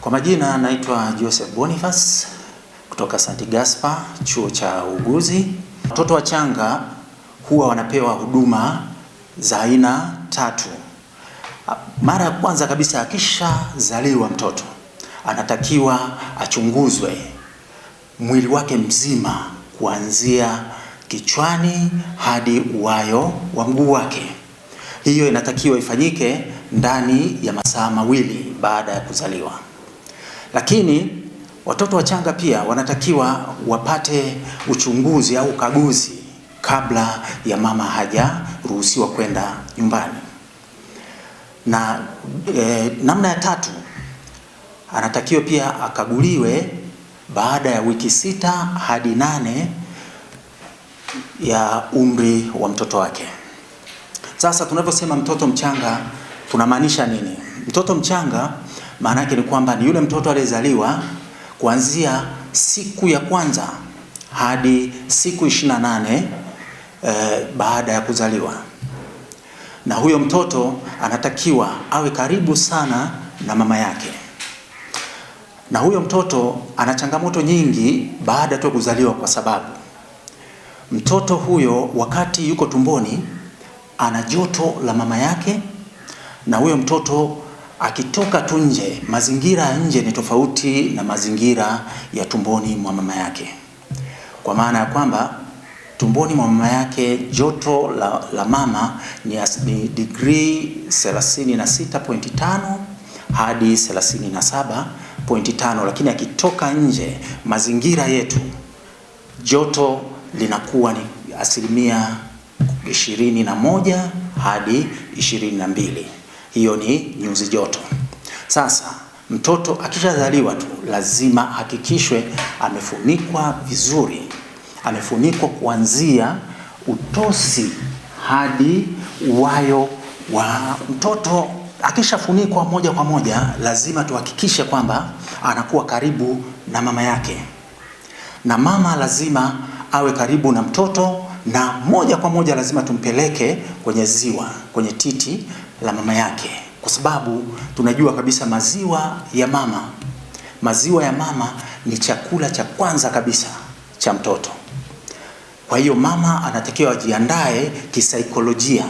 Kwa majina naitwa Joseph Boniface kutoka Santi Gaspar chuo cha uuguzi. Watoto wachanga huwa wanapewa huduma za aina tatu. Mara ya kwanza kabisa, akishazaliwa mtoto anatakiwa achunguzwe mwili wake mzima kuanzia kichwani hadi uwayo wa mguu wake. Hiyo inatakiwa ifanyike ndani ya masaa mawili baada ya kuzaliwa. Lakini watoto wachanga pia wanatakiwa wapate uchunguzi au ukaguzi kabla ya mama hajaruhusiwa kwenda nyumbani. Na e, namna ya tatu anatakiwa pia akaguliwe baada ya wiki sita hadi nane ya umri wa mtoto wake. Sasa tunavyosema mtoto mchanga tunamaanisha nini? Mtoto mchanga maana yake ni kwamba ni yule mtoto aliyezaliwa kuanzia siku ya kwanza hadi siku 28 na nane eh, baada ya kuzaliwa, na huyo mtoto anatakiwa awe karibu sana na mama yake, na huyo mtoto ana changamoto nyingi baada tu ya kuzaliwa, kwa sababu mtoto huyo wakati yuko tumboni ana joto la mama yake, na huyo mtoto akitoka tu nje, mazingira ya nje ni tofauti na mazingira ya tumboni mwa mama yake, kwa maana ya kwamba tumboni mwa mama yake joto la, la mama ni, ni digrii 36.5 hadi 37.5, lakini akitoka nje mazingira yetu joto linakuwa ni asilimia 21 hadi 22 hiyo ni nyuzi joto. Sasa mtoto akishazaliwa tu lazima hakikishwe amefunikwa vizuri, amefunikwa kuanzia utosi hadi uwayo wa mtoto. Akishafunikwa moja kwa moja, lazima tuhakikishe kwamba anakuwa karibu na mama yake, na mama lazima awe karibu na mtoto, na moja kwa moja lazima tumpeleke kwenye ziwa, kwenye titi la mama yake, kwa sababu tunajua kabisa maziwa ya mama, maziwa ya mama ni chakula cha kwanza kabisa cha mtoto. Kwa hiyo mama anatakiwa ajiandae kisaikolojia,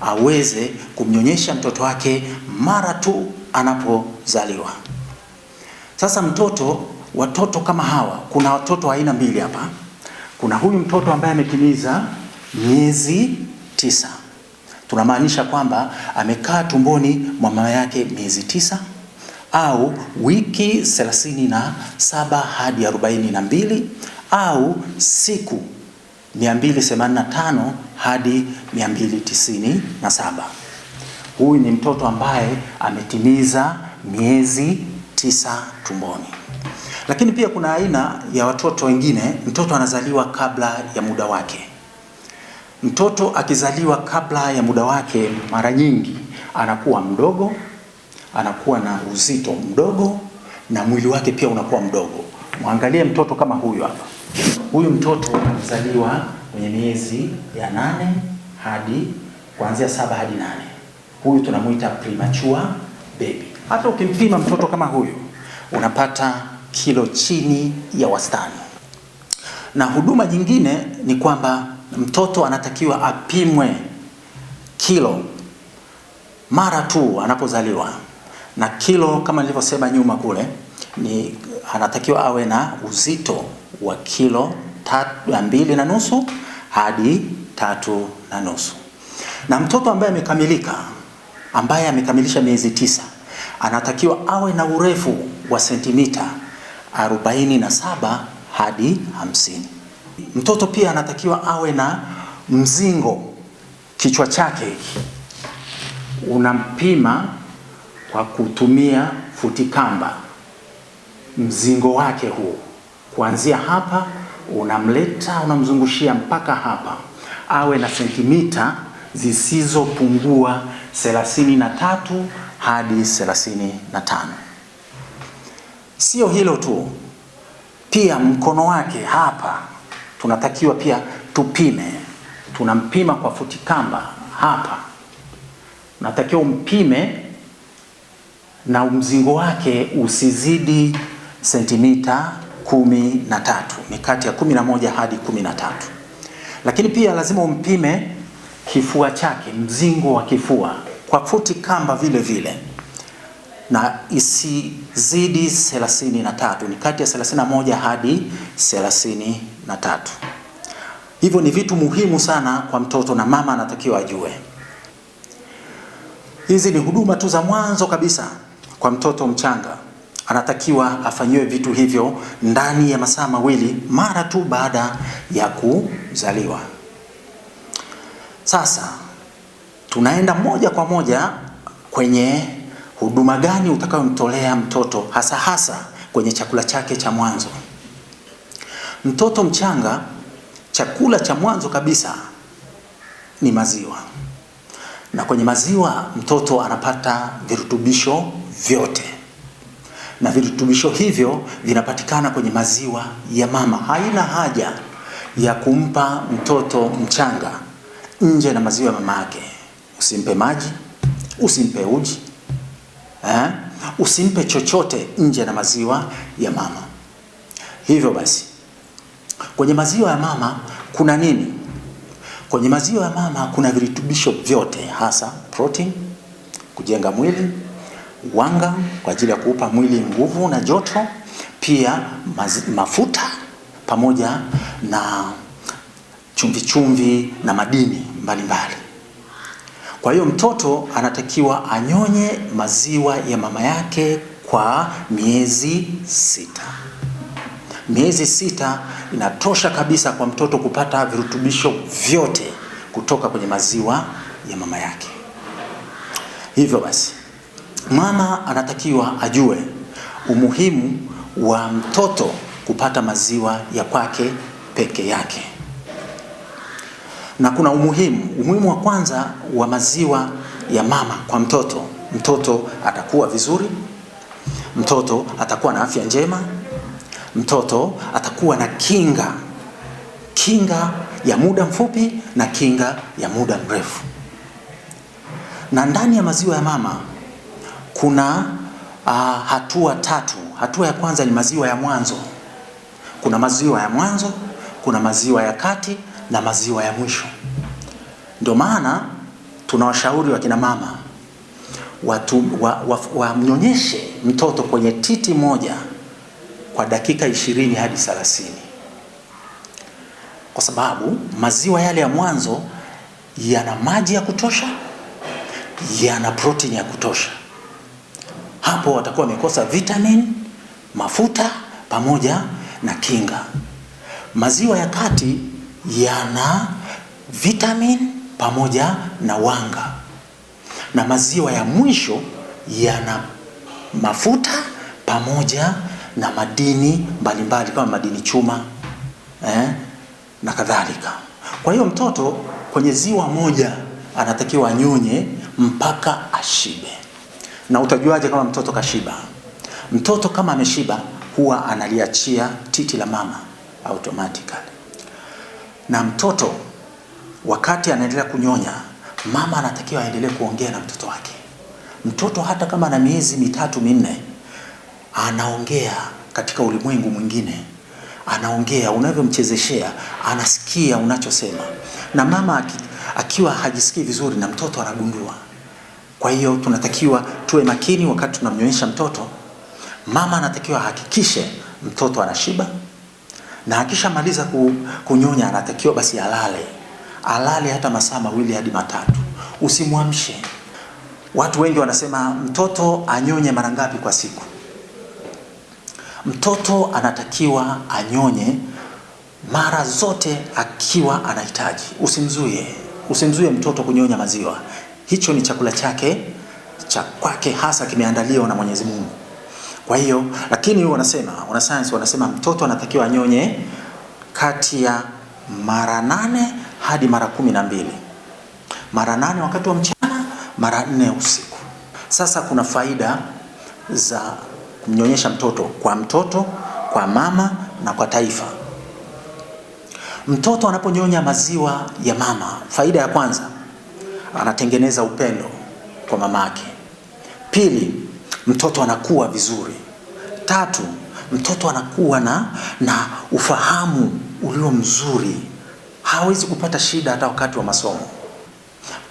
aweze kumnyonyesha mtoto wake mara tu anapozaliwa. Sasa mtoto, watoto kama hawa, kuna watoto aina mbili hapa. Kuna huyu mtoto ambaye ametimiza miezi tisa tunamaanisha kwamba amekaa tumboni mwa mama yake miezi tisa au wiki 37 hadi 42 au siku 285 hadi 297. Huyu ni mtoto ambaye ametimiza miezi tisa tumboni. Lakini pia kuna aina ya watoto wengine, mtoto anazaliwa kabla ya muda wake. Mtoto akizaliwa kabla ya muda wake, mara nyingi anakuwa mdogo, anakuwa na uzito mdogo, na mwili wake pia unakuwa mdogo. Mwangalie mtoto kama huyu hapa. Huyu mtoto alizaliwa kwenye miezi ya nane hadi kuanzia saba hadi nane. Huyu tunamwita premature baby. Hata ukimpima mtoto kama huyu unapata kilo chini ya wastani. Na huduma nyingine ni kwamba mtoto anatakiwa apimwe kilo mara tu anapozaliwa, na kilo kama nilivyosema nyuma kule ni anatakiwa awe na uzito wa kilo tatu, mbili na nusu hadi tatu na nusu. Na mtoto ambaye amekamilika ambaye amekamilisha miezi tisa anatakiwa awe na urefu wa sentimita 47 hadi hamsini mtoto pia anatakiwa awe na mzingo kichwa chake hiki. Unampima kwa kutumia futi kamba mzingo wake huu, kuanzia hapa unamleta unamzungushia mpaka hapa, awe na sentimita zisizopungua 33 hadi 35. Sio hilo tu, pia mkono wake hapa tunatakiwa pia tupime. Tunampima kwa futi kamba hapa, natakiwa umpime na mzingo wake usizidi sentimita kumi na tatu, ni kati ya kumi na moja hadi kumi na tatu. Lakini pia lazima umpime kifua chake, mzingo wa kifua kwa futi kamba vile vile na isizidi 33, ni kati ya 31 hadi 33. Hivyo ni vitu muhimu sana kwa mtoto na mama anatakiwa ajue. Hizi ni huduma tu za mwanzo kabisa kwa mtoto mchanga, anatakiwa afanyiwe vitu hivyo ndani ya masaa mawili mara tu baada ya kuzaliwa. Sasa tunaenda moja kwa moja kwenye huduma gani utakayomtolea mtoto, hasa hasa kwenye chakula chake cha mwanzo. Mtoto mchanga, chakula cha mwanzo kabisa ni maziwa, na kwenye maziwa mtoto anapata virutubisho vyote, na virutubisho hivyo vinapatikana kwenye maziwa ya mama. Haina haja ya kumpa mtoto mchanga nje na maziwa ya mama yake. Usimpe maji, usimpe uji eh? Usimpe chochote nje na maziwa ya mama. Hivyo basi kwenye maziwa ya mama kuna nini? Kwenye maziwa ya mama kuna virutubisho vyote, hasa protein kujenga mwili, wanga kwa ajili ya kuupa mwili nguvu na joto, pia mafuta pamoja na chumvi chumvi na madini mbalimbali mbali. Kwa hiyo mtoto anatakiwa anyonye maziwa ya mama yake kwa miezi sita. Miezi sita inatosha kabisa kwa mtoto kupata virutubisho vyote kutoka kwenye maziwa ya mama yake. Hivyo basi, mama anatakiwa ajue umuhimu wa mtoto kupata maziwa ya kwake peke yake na kuna umuhimu. Umuhimu wa kwanza wa maziwa ya mama kwa mtoto, mtoto atakuwa vizuri, mtoto atakuwa na afya njema, mtoto atakuwa na kinga, kinga ya muda mfupi na kinga ya muda mrefu. Na ndani ya maziwa ya mama kuna uh, hatua tatu. Hatua ya kwanza ni maziwa ya mwanzo. Kuna maziwa ya mwanzo, kuna maziwa ya kati na maziwa ya mwisho. Ndio maana tunawashauri wakina mama wamnyonyeshe wa, wa mtoto kwenye titi moja kwa dakika ishirini hadi thelathini kwa sababu maziwa yale ya mwanzo yana maji ya kutosha, yana protini ya kutosha. Hapo watakuwa wamekosa vitamin, mafuta pamoja na kinga. Maziwa ya kati yana vitamin pamoja na wanga, na maziwa ya mwisho yana mafuta pamoja na madini mbalimbali kama madini chuma eh, na kadhalika. Kwa hiyo mtoto kwenye ziwa moja anatakiwa anyonye mpaka ashibe. Na utajuaje kama mtoto kashiba? Mtoto kama ameshiba huwa analiachia titi la mama automatically na mtoto wakati anaendelea kunyonya, mama anatakiwa aendelee kuongea na mtoto wake. Mtoto hata kama ana miezi mitatu minne, anaongea katika ulimwengu mwingine, anaongea unavyomchezeshea, anasikia unachosema, na mama akiwa hajisikii vizuri na mtoto anagundua. Kwa hiyo tunatakiwa tuwe makini wakati tunamnyonyesha mtoto. Mama anatakiwa ahakikishe mtoto anashiba na akishamaliza kunyonya anatakiwa basi alale, alale hata masaa mawili hadi matatu, usimwamshe. Watu wengi wanasema mtoto anyonye mara ngapi kwa siku? Mtoto anatakiwa anyonye mara zote akiwa anahitaji. Usimzuie, usimzuie mtoto kunyonya maziwa. Hicho ni chakula chake cha kwake, hasa kimeandaliwa na Mwenyezi Mungu. Kwa hiyo lakini wanasema wanasayansi wanasema mtoto anatakiwa anyonye kati ya mara nane hadi mara kumi na mbili mara nane wakati wa mchana, mara nne usiku. Sasa kuna faida za kumnyonyesha mtoto kwa mtoto, kwa mama na kwa taifa. Mtoto anaponyonya maziwa ya mama, faida ya kwanza, anatengeneza upendo kwa mamake. Pili, mtoto anakuwa vizuri. Tatu, mtoto anakuwa na, na ufahamu ulio mzuri, hawezi kupata shida hata wakati wa masomo.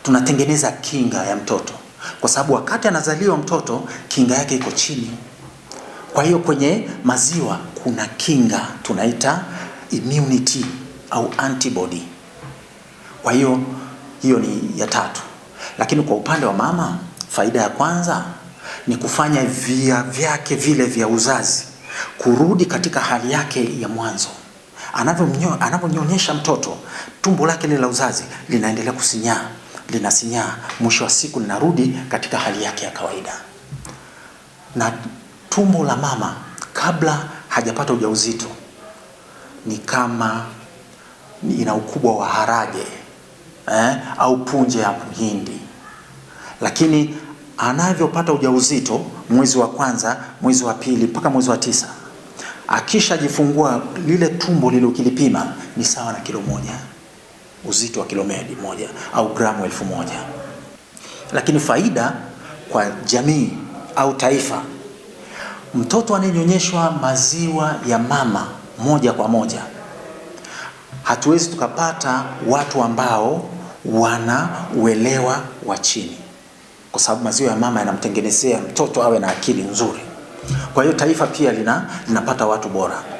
Tunatengeneza kinga ya mtoto, kwa sababu wakati anazaliwa mtoto kinga yake iko chini. Kwa hiyo kwenye maziwa kuna kinga tunaita immunity au antibody. Kwa hiyo hiyo ni ya tatu, lakini kwa upande wa mama faida ya kwanza ni kufanya via vyake vile vya uzazi kurudi katika hali yake ya mwanzo. Anavyonyonyesha mtoto, tumbo lake lile la uzazi linaendelea kusinyaa, linasinyaa, mwisho wa siku linarudi katika hali yake ya kawaida. Na tumbo la mama kabla hajapata ujauzito ni kama ina ukubwa wa harage eh, au punje ya mhindi, lakini anavyopata ujauzito mwezi wa kwanza, mwezi wa pili mpaka mwezi wa tisa, akishajifungua lile tumbo lile ukilipima ni sawa na kilo moja, uzito wa kilo moja au gramu elfu moja. Lakini faida kwa jamii au taifa, mtoto anayenyonyeshwa maziwa ya mama moja kwa moja, hatuwezi tukapata watu ambao wana uelewa wa chini kwa sababu maziwa ya mama yanamtengenezea mtoto awe na akili nzuri. Kwa hiyo taifa pia lina linapata watu bora.